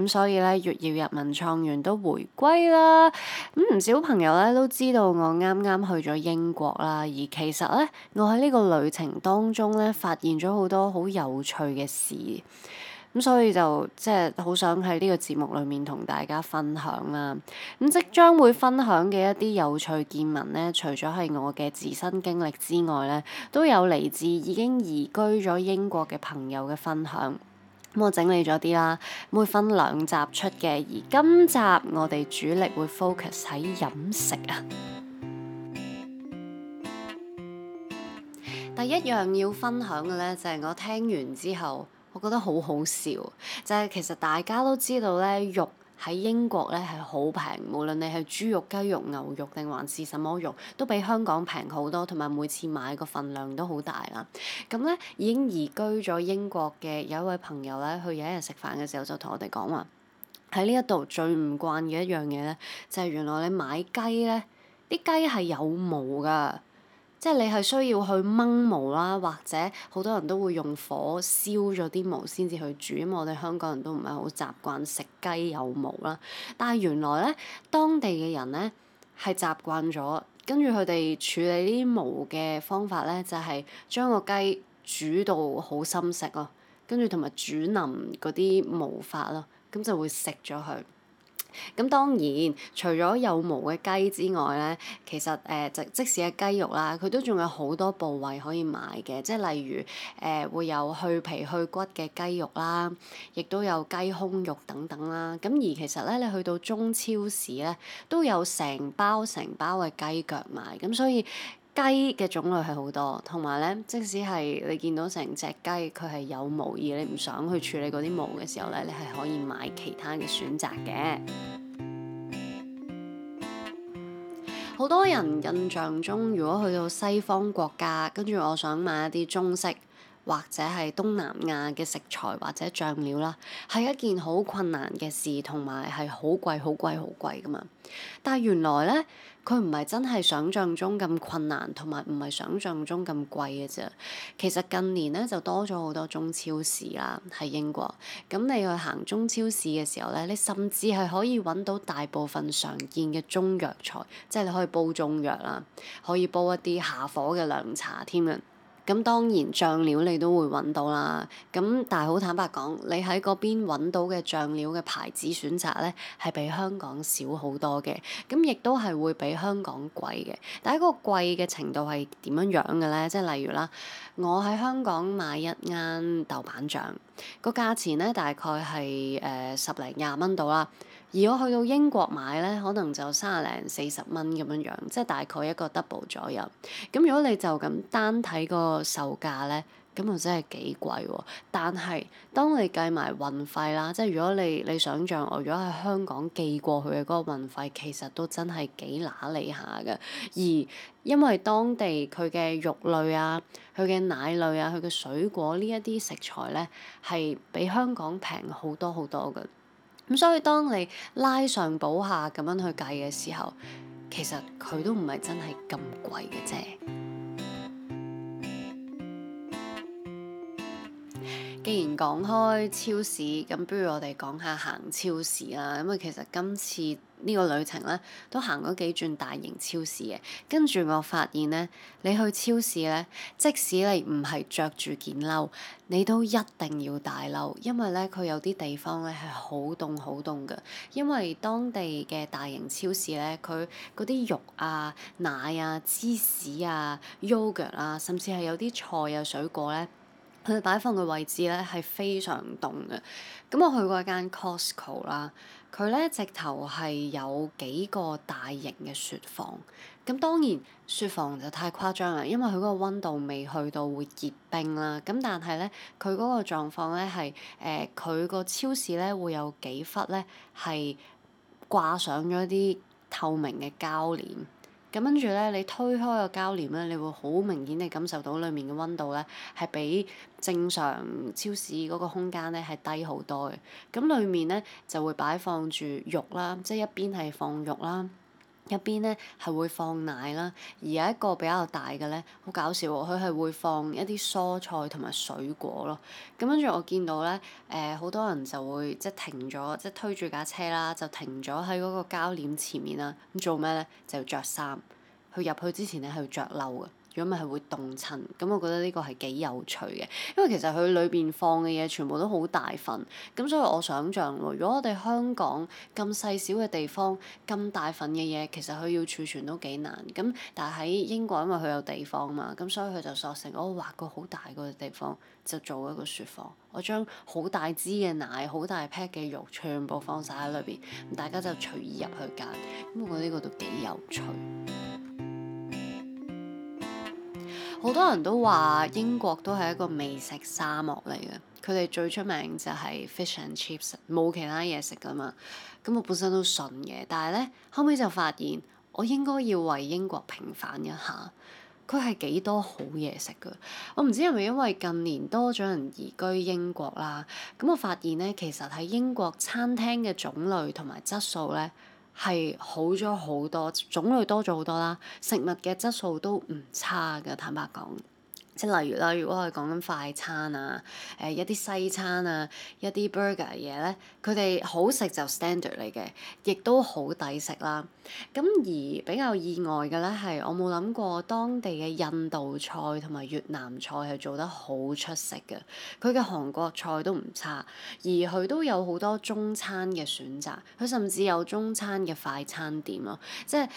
咁所以咧，月曜日文創園都回歸啦。咁、嗯、唔少朋友咧都知道我啱啱去咗英國啦。而其實咧，我喺呢個旅程當中咧，發現咗好多好有趣嘅事。咁、嗯、所以就即係好想喺呢個節目裡面同大家分享啦。咁、嗯、即將會分享嘅一啲有趣見聞咧，除咗係我嘅自身經歷之外咧，都有嚟自已經移居咗英國嘅朋友嘅分享。咁我整理咗啲啦，會分兩集出嘅。而今集我哋主力會 focus 喺飲食啊。 第一樣要分享嘅咧，就係我聽完之後，我覺得好好笑，就係其實大家都知道咧，肉。喺英國咧係好平，無論你係豬肉、雞肉、牛肉定還是什麼肉，都比香港平好多，同埋每次買個份量都好大啦。咁咧已經移居咗英國嘅有一位朋友咧，佢有一日食飯嘅時候就同我哋講話，喺呢一度最唔慣嘅一樣嘢咧，就係原來你買雞咧，啲雞係有毛㗎。即係你係需要去掹毛啦，或者好多人都會用火燒咗啲毛先至去煮，因為我哋香港人都唔係好習慣食雞有毛啦。但係原來咧，當地嘅人咧係習慣咗，跟住佢哋處理啲毛嘅方法咧，就係、是、將個雞煮到好深色咯，跟住同埋煮腍嗰啲毛髮咯，咁就會食咗佢。咁當然，除咗有毛嘅雞之外咧，其實誒，即、呃、即使係雞肉啦，佢都仲有好多部位可以買嘅，即係例如誒、呃，會有去皮去骨嘅雞肉啦，亦都有雞胸肉等等啦。咁而其實咧，你去到中超市咧，都有成包成包嘅雞腳賣，咁所以。雞嘅種類係好多，同埋咧，即使係你見到成隻雞，佢係有毛，而你唔想去處理嗰啲毛嘅時候咧，你係可以買其他嘅選擇嘅。好多人印象中，如果去到西方國家，跟住我想買一啲中式或者係東南亞嘅食材或者醬料啦，係一件好困難嘅事，同埋係好貴、好貴、好貴㗎嘛。但係原來呢。佢唔係真係想像中咁困難，同埋唔係想像中咁貴嘅啫。其實近年呢就多咗好多中超市啦，喺英國。咁你去行中超市嘅時候呢，你甚至係可以搵到大部分常見嘅中藥材，即係你可以煲中藥啦，可以煲一啲下火嘅涼茶添啊！咁當然醬料你都會揾到啦，咁但係好坦白講，你喺嗰邊揾到嘅醬料嘅牌子選擇咧，係比香港少好多嘅，咁亦都係會比香港貴嘅。但係個貴嘅程度係點樣樣嘅咧？即係例如啦，我喺香港買一羹豆瓣醬，個價錢咧大概係誒十零廿蚊到啦。如果去到英國買咧，可能就三十零四十蚊咁樣樣，即係大概一個 double 左右。咁如果你就咁單睇個售價咧，咁又真係幾貴喎。但係當你計埋運費啦，即係如果你你想像我如果喺香港寄過去嘅嗰個運費，其實都真係幾嗱嗱下揦脷下嘅。而因為當地佢嘅肉類啊、佢嘅奶類啊、佢嘅水果呢一啲食材咧，係比香港平好多好多嘅。咁所以當你拉上補下咁樣去計嘅時候，其實佢都唔係真係咁貴嘅啫。既然講開超市，咁不如我哋講下行超市啦。咁啊，其實今次呢個旅程咧，都行咗幾轉大型超市嘅。跟住我發現咧，你去超市咧，即使你唔係着住件褸，你都一定要大褸，因為咧佢有啲地方咧係好凍好凍㗎。因為當地嘅大型超市咧，佢嗰啲肉啊、奶啊、芝士啊、yogurt 啊，甚至係有啲菜啊、水果咧。佢哋擺放嘅位置咧係非常凍嘅，咁我去過一間 Costco 啦，佢咧直頭係有幾個大型嘅雪房，咁當然雪房就太誇張啦，因為佢嗰個溫度未去到會結冰啦，咁但係咧佢嗰個狀況咧係誒佢個超市咧會有幾忽咧係掛上咗啲透明嘅膠簾。咁跟住咧，你推開個膠簾咧，你會好明顯地感受到裏面嘅溫度咧，係比正常超市嗰個空間咧係低好多嘅。咁裏面咧就會擺放住肉啦，即係一邊係放肉啦。入邊咧係會放奶啦，而有一個比較大嘅咧，好搞笑喎，佢係會放一啲蔬菜同埋水果咯。咁跟住我見到咧，誒、呃、好多人就會即停咗，即推住架車啦，就停咗喺嗰個膠簾前面啦。咁做咩咧？就著衫，佢入去之前咧係要著褸嘅。如果咪係會凍親，咁我覺得呢個係幾有趣嘅，因為其實佢裏邊放嘅嘢全部都好大份，咁所以我想象，如果我哋香港咁細小嘅地方咁大份嘅嘢，其實佢要儲存都幾難，咁但係喺英國因為佢有地方嘛，咁所以佢就索性，我畫個好大個嘅地方，就做一個雪房，我將好大支嘅奶、好大 pack 嘅肉全部放晒喺裏邊，大家就隨意入去揀，咁我覺得呢個都幾有趣。好多人都話英國都係一個美食沙漠嚟嘅，佢哋最出名就係 fish and chips，冇其他嘢食㗎嘛。咁我本身都信嘅，但係呢，後尾就發現我應該要為英國平反一下，佢係幾多好嘢食㗎。我唔知係咪因為近年多咗人移居英國啦，咁我發現呢，其實喺英國餐廳嘅種類同埋質素呢，係好咗好多，種類多咗好多啦，食物嘅質素都唔差嘅，坦白講。即例如啦，如果我講緊快餐啊，誒、呃、一啲西餐啊，一啲 burger 嘢咧，佢哋好食就 standard 嚟嘅，亦都好抵食啦。咁而比較意外嘅咧係，我冇諗過當地嘅印度菜同埋越南菜係做得好出色嘅。佢嘅韓國菜都唔差，而佢都有好多中餐嘅選擇，佢甚至有中餐嘅快餐店咯、啊。即係誒，佢、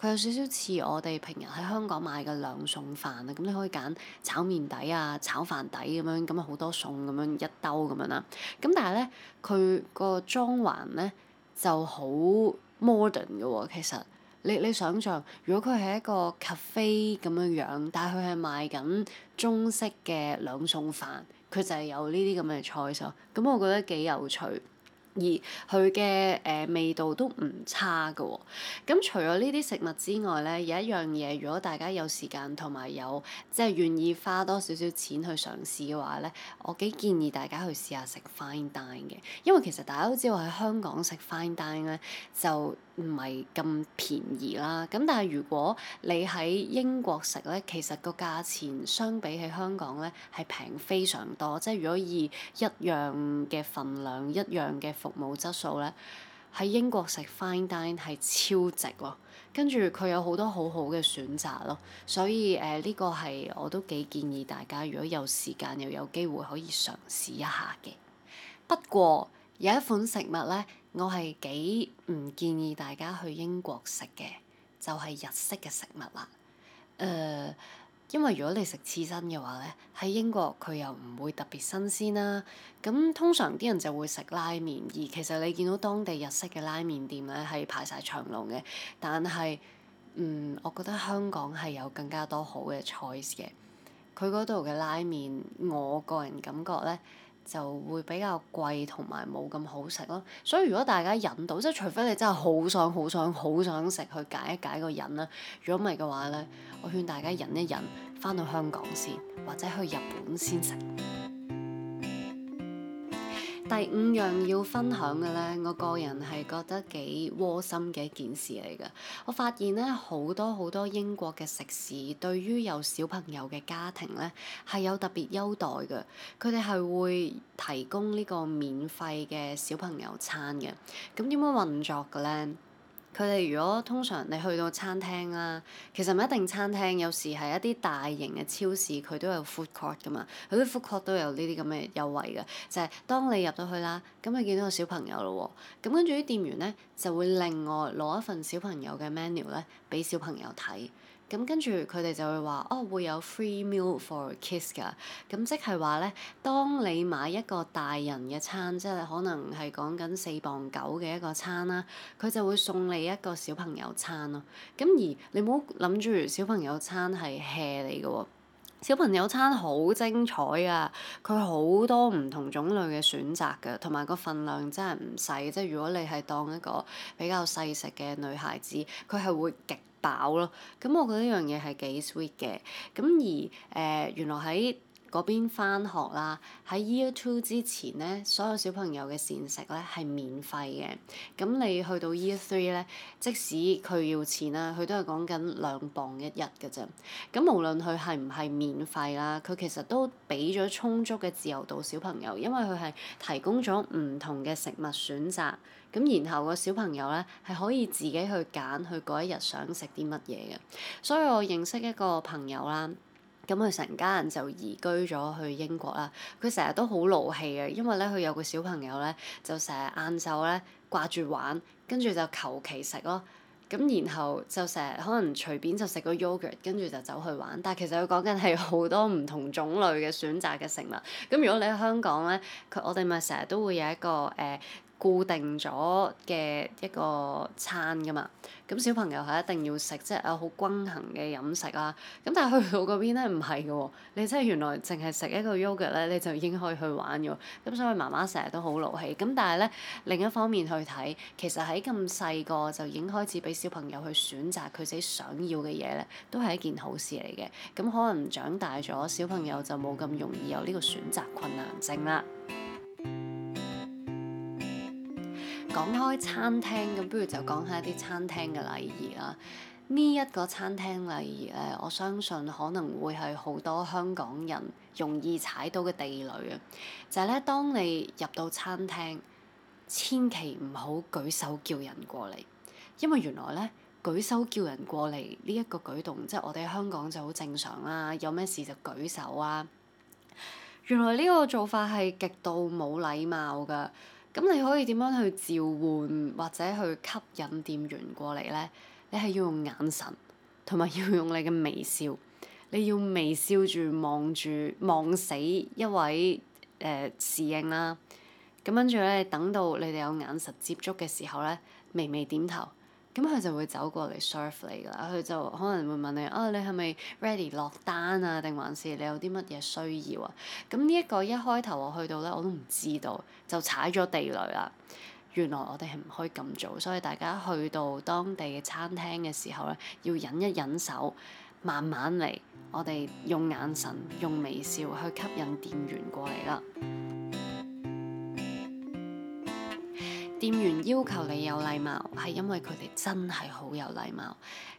呃、有少少似我哋平日喺香港買嘅兩餸飯啊。咁你可以揀。炒麵底啊，炒飯底咁樣，咁啊好多餸咁樣一兜咁樣啦。咁但係咧，佢個裝潢咧就好 modern 嘅喎、哦。其實你你想像，如果佢係一個 cafe 咁樣樣，但係佢係賣緊中式嘅兩餸飯，佢就係有呢啲咁嘅菜式，咁、嗯、我覺得幾有趣。而佢嘅誒味道都唔差嘅喎、哦，咁除咗呢啲食物之外咧，有一樣嘢，如果大家有時間同埋有，有即係願意花多少少錢去嘗試嘅話咧，我幾建議大家去試下食 fine dine 嘅，因為其實大家都知道喺香港食 fine dine 咧就。唔係咁便宜啦，咁但係如果你喺英國食咧，其實個價錢相比起香港咧係平非常多，即係如果以一樣嘅份量、一樣嘅服務質素咧，喺英國食 fine dine 係超值喎。跟住佢有好多好好嘅選擇咯，所以誒呢個係我都幾建議大家，如果有時間又有機會可以嘗試一下嘅。不過，有一款食物咧，我係幾唔建議大家去英國食嘅，就係、是、日式嘅食物啦。誒、呃，因為如果你食刺身嘅話咧，喺英國佢又唔會特別新鮮啦。咁通常啲人就會食拉麵，而其實你見到當地日式嘅拉麵店咧係排晒長龍嘅，但係嗯，我覺得香港係有更加多好嘅 choice 嘅。佢嗰度嘅拉麵，我個人感覺咧，就會比較貴同埋冇咁好食咯，所以如果大家忍到，即係除非你真係好想好想好想食去解一解個癮啦，如果唔係嘅話呢，我勸大家忍一忍，翻到香港先，或者去日本先食。第五樣要分享嘅咧，我個人係覺得幾窩心嘅一件事嚟嘅。我發現咧好多好多英國嘅食肆，對於有小朋友嘅家庭咧係有特別優待嘅，佢哋係會提供呢個免費嘅小朋友餐嘅。咁點樣運作嘅咧？佢哋如果通常你去到餐廳啦，其實唔一定餐廳，有時係一啲大型嘅超市，佢都有 food court 噶嘛，佢啲 food court 都有呢啲咁嘅優惠嘅，就係當你入到去啦，咁你見到個小朋友咯喎，咁跟住啲店員咧就會另外攞一份小朋友嘅 menu 咧俾小朋友睇。咁跟住佢哋就會話，哦會有 free meal for kids 㗎，咁、嗯、即係話咧，當你買一個大人嘅餐，即係可能係講緊四磅九嘅一個餐啦，佢就會送你一個小朋友餐咯。咁、嗯、而你冇諗住小朋友餐係 hea 你㗎喎。小朋友餐好精彩啊，佢好多唔同種類嘅選擇噶，同埋個份量真係唔細，即，如果你係當一個比較細食嘅女孩子，佢係會極飽咯。咁、嗯、我覺得呢樣嘢係幾 sweet 嘅。咁、嗯、而誒、呃，原來喺～嗰邊翻學啦，喺 Year Two 之前咧，所有小朋友嘅膳食咧係免費嘅。咁你去到 Year Three 咧，即使佢要錢啦，佢都係講緊兩磅一日嘅咋。咁無論佢係唔係免費啦，佢其實都俾咗充足嘅自由度小朋友，因為佢係提供咗唔同嘅食物選擇。咁然後個小朋友咧係可以自己去揀，佢嗰一日想食啲乜嘢嘅。所以我認識一個朋友啦。咁佢成家人就移居咗去英國啦。佢成日都好勞氣嘅，因為咧佢有個小朋友咧，就成日晏晝咧掛住玩，跟住就求其食咯。咁然後就成日可能隨便就食個 yogurt，跟住就走去玩。但其實佢講緊係好多唔同種類嘅選擇嘅食物。咁如果你喺香港咧，佢我哋咪成日都會有一個誒，呃固定咗嘅一個餐㗎嘛，咁小朋友係一定要食，即係啊好均衡嘅飲食啦、啊。咁但係去到嗰邊咧唔係嘅喎，你真係原來淨係食一個 yogurt 咧，你就已經可以去玩嘅。咁所以媽媽成日都好勞氣。咁但係咧另一方面去睇，其實喺咁細個就已經開始俾小朋友去選擇佢自己想要嘅嘢咧，都係一件好事嚟嘅。咁可能長大咗小朋友就冇咁容易有呢個選擇困難症啦。講開餐廳咁，不如就講下啲餐廳嘅禮儀啦。呢一個餐廳禮儀誒，我相信可能會係好多香港人容易踩到嘅地雷啊！就係咧，當你入到餐廳，千祈唔好舉手叫人過嚟，因為原來咧舉手叫人過嚟呢一個舉動，即係我哋香港就好正常啦，有咩事就舉手啊。原來呢個做法係極度冇禮貌噶。咁你可以點樣去召喚或者去吸引店員過嚟咧？你係要用眼神，同埋要用你嘅微笑。你要微笑住，望住，望死一位誒、呃、侍應啦。咁跟住咧，等到你哋有眼神接觸嘅時候咧，微微點頭。咁佢就會走過嚟 serve 你啦，佢就可能會問你啊，你係咪 ready 落單啊？定還是你有啲乜嘢需要啊？咁呢一個一開頭我去到呢，我都唔知道，就踩咗地雷啦。原來我哋係唔可以咁做，所以大家去到當地嘅餐廳嘅時候呢，要忍一忍手，慢慢嚟，我哋用眼神、用微笑去吸引店員過嚟啦。店員要求你有禮貌，係因為佢哋真係好有禮貌。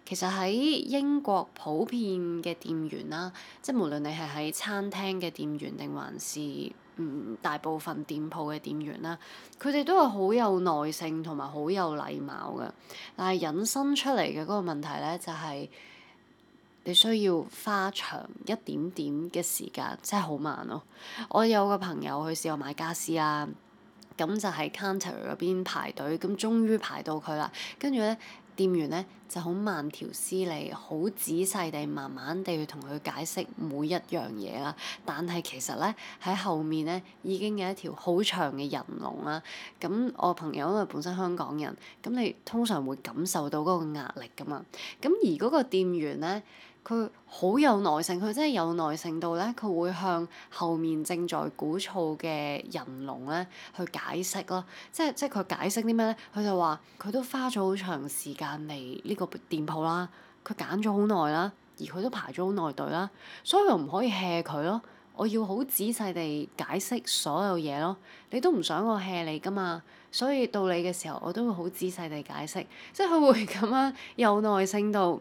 其實喺英國普遍嘅店員啦，即係無論你係喺餐廳嘅店員定還是嗯大部分店鋪嘅店員啦，佢哋都係好有耐性同埋好有禮貌嘅。但係引申出嚟嘅嗰個問題呢，就係你需要花長一點點嘅時間，真係好慢咯。我有個朋友去試過買家私啦。咁就喺 counter 嗰邊排隊，咁終於排到佢啦。跟住咧，店員咧就好慢條斯理、好仔細地、慢慢地去同佢解釋每一樣嘢啦。但係其實咧，喺後面咧已經有一條好長嘅人龍啦。咁我朋友因為本身香港人，咁你通常會感受到嗰個壓力㗎嘛。咁而嗰個店員咧。佢好有耐性，佢真係有耐性到咧，佢會向後面正在鼓噪嘅人龍咧去解釋咯。即係即係佢解釋啲咩咧？佢就話佢都花咗好長時間嚟呢個店鋪啦，佢揀咗好耐啦，而佢都排咗好耐隊啦，所以我唔可以 hea 佢咯。我要好仔細地解釋所有嘢咯。你都唔想我 hea 你㗎嘛？所以到你嘅時候，我都會好仔細地解釋。即係佢會咁樣有耐性到。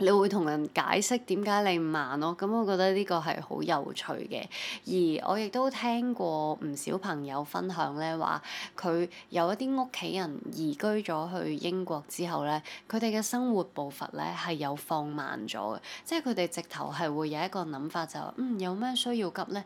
你會同人解釋點解你唔慢咯、哦，咁我覺得呢個係好有趣嘅。而我亦都聽過唔少朋友分享咧，話佢有一啲屋企人移居咗去英國之後咧，佢哋嘅生活步伐咧係有放慢咗嘅，即係佢哋直頭係會有一個諗法就話、是，嗯，有咩需要急咧？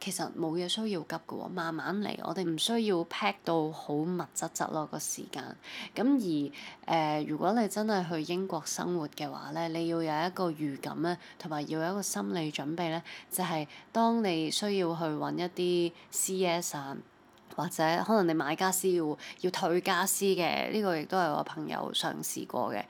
其實冇嘢需要急嘅喎、哦，慢慢嚟。我哋唔需要 pack 到好密質質咯個時間。咁而誒、呃，如果你真係去英國生活嘅話咧，你要有一個預感咧，同埋要有一個心理準備咧，就係、是、當你需要去揾一啲 CS 啊，或者可能你買家私要要退家私嘅，呢、這個亦都係我朋友嘗試過嘅，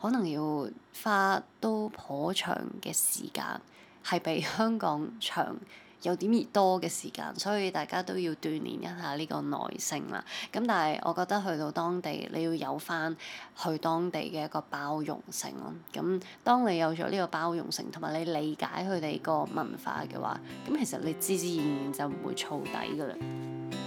可能要花都頗長嘅時間，係比香港長。有點兒多嘅時間，所以大家都要鍛鍊一下呢個耐性啦。咁但係我覺得去到當地，你要有返去當地嘅一個包容性咯。咁當你有咗呢個包容性，同埋你理解佢哋個文化嘅話，咁其實你自自然然就唔會燥底㗎喇。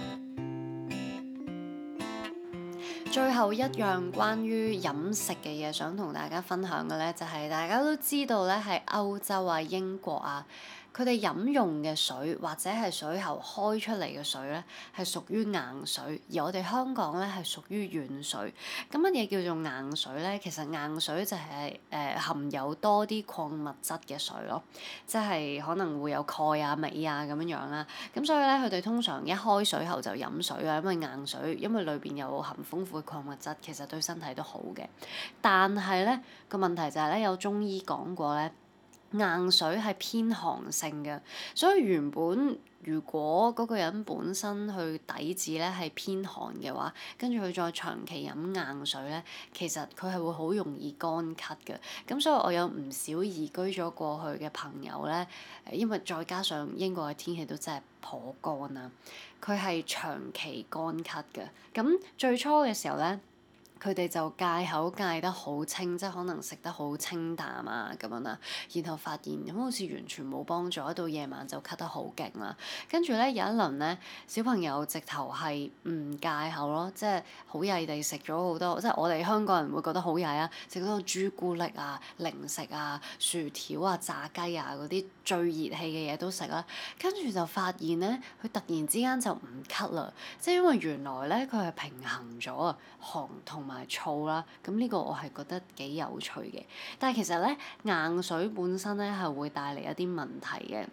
最後一樣關於飲食嘅嘢，想同大家分享嘅咧，就係大家都知道咧，喺歐洲啊、英國啊。佢哋飲用嘅水或者係水喉開出嚟嘅水咧，係屬於硬水，而我哋香港咧係屬於軟水。咁乜嘢叫做硬水咧？其實硬水就係、是、誒、呃、含有多啲礦物質嘅水咯，即係可能會有鈣啊、鎂啊咁樣樣啦。咁所以咧，佢哋通常一開水喉就飲水啊，因為硬水，因為裏邊有含豐富嘅礦物質，其實對身體都好嘅。但係咧個問題就係、是、咧，有中醫講過咧。硬水係偏寒性嘅，所以原本如果嗰個人本身佢底子咧係偏寒嘅話，跟住佢再長期飲硬水咧，其實佢係會好容易乾咳嘅。咁所以我有唔少移居咗過去嘅朋友咧，因為再加上英國嘅天氣都真係頗乾啦，佢係長期乾咳嘅。咁最初嘅時候咧。佢哋就戒口戒得好清，即係可能食得好清淡啊咁樣啦，然後發現咁、嗯、好似完全冇幫助，一到夜晚就咳得好勁啦。跟住咧有一輪咧，小朋友直頭係唔戒口咯，即係好曳地食咗好多，即係我哋香港人會覺得好曳啊，食咗好多朱古力啊、零食啊、薯條啊、炸雞啊嗰啲最熱氣嘅嘢，都食啦。跟住就發現咧，佢突然之間就唔咳啦，即係因為原來咧佢係平衡咗啊寒同同埋醋啦，咁呢個我係覺得幾有趣嘅。但係其實咧，硬水本身咧係會帶嚟一啲問題嘅。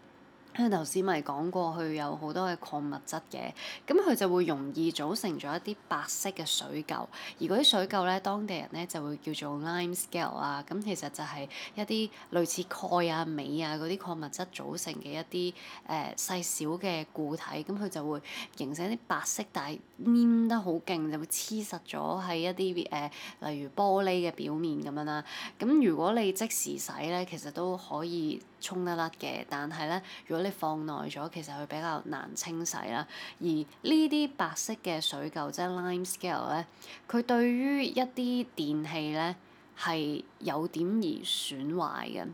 頭先咪講過，佢有好多嘅礦物質嘅，咁佢就會容易組成咗一啲白色嘅水垢，而嗰啲水垢咧，當地人咧就會叫做 lime scale 啊，咁、嗯、其實就係一啲類似鈣啊、鎂啊嗰啲礦物質組成嘅一啲誒細小嘅固體，咁、嗯、佢就會形成啲白色，但係黏得好勁，就會黐實咗喺一啲誒、呃、例如玻璃嘅表面咁樣啦。咁、啊嗯、如果你即時洗咧，其實都可以。沖得甩嘅，但係咧，如果你放耐咗，其實佢比較難清洗啦。而呢啲白色嘅水垢，即係 lime scale 咧，佢對於一啲電器咧係有點而損壞嘅，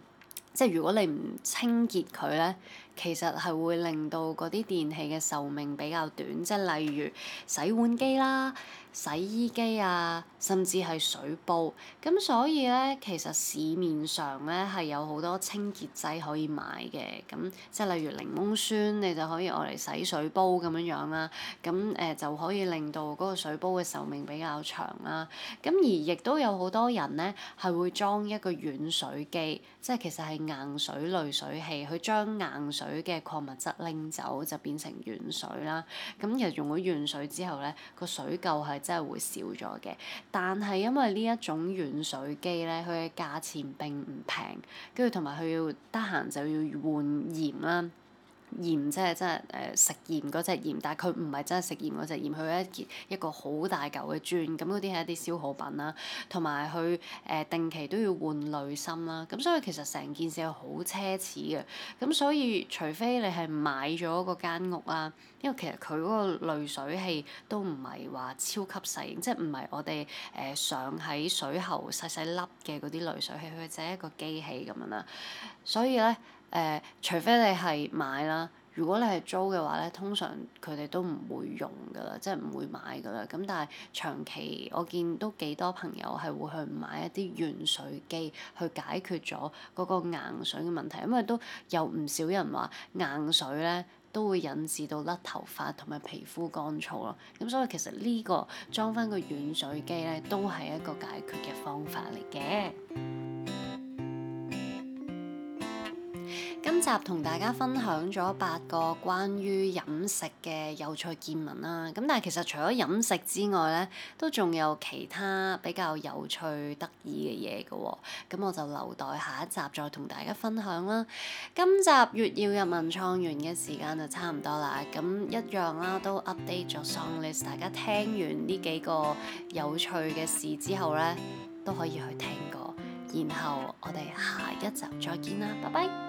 即係如果你唔清潔佢咧。其實係會令到啲電器嘅壽命比較短，即係例如洗碗機啦、洗衣機啊，甚至係水煲。咁所以咧，其實市面上咧係有好多清潔劑可以買嘅，咁即係例如檸檬酸，你就可以攞嚟洗水煲咁樣樣啦。咁誒、呃、就可以令到個水煲嘅壽命比較長啦、啊。咁而亦都有好多人咧係會裝一個軟水機，即係其實係硬水濾水器，去將硬水水嘅礦物質拎走就變成軟水啦。咁、嗯、其實用咗軟水之後呢，咧，個水垢係真係會少咗嘅。但係因為呢一種軟水機咧，佢嘅價錢並唔平，跟住同埋佢要得閒就要換鹽啦。鹽即係真係誒、呃、食鹽嗰隻鹽，但係佢唔係真係食鹽嗰隻鹽，佢係一件一個好大嚿嘅磚。咁嗰啲係一啲消耗品啦、啊，同埋佢誒定期都要換濾芯啦、啊。咁所以其實成件事係好奢侈嘅。咁所以除非你係買咗個間屋啦、啊，因為其實佢嗰個濾水器都唔係話超級細，即係唔係我哋誒、呃、上喺水喉細細粒嘅嗰啲濾水器，佢就係一個機器咁樣啦、啊。所以咧。誒、呃，除非你係買啦，如果你係租嘅話咧，通常佢哋都唔會用㗎喇，即係唔會買㗎喇。咁但係長期我見都幾多朋友係會去買一啲軟水機去解決咗嗰個硬水嘅問題，因為都有唔少人話硬水咧都會引致到甩頭髮同埋皮膚乾燥咯。咁所以其實呢、呢個裝返個軟水機咧，都係一個解決嘅方法嚟嘅。集同大家分享咗八個關於飲食嘅有趣見聞啦。咁但係其實除咗飲食之外呢，都仲有其他比較有趣得意嘅嘢嘅喎。咁、哦、我就留待下一集再同大家分享啦。今集《月曜入文創》完嘅時間就差唔多啦。咁一樣啦，都 update 咗 song list。大家聽完呢幾個有趣嘅事之後呢，都可以去聽過。然後我哋下一集再見啦，拜拜。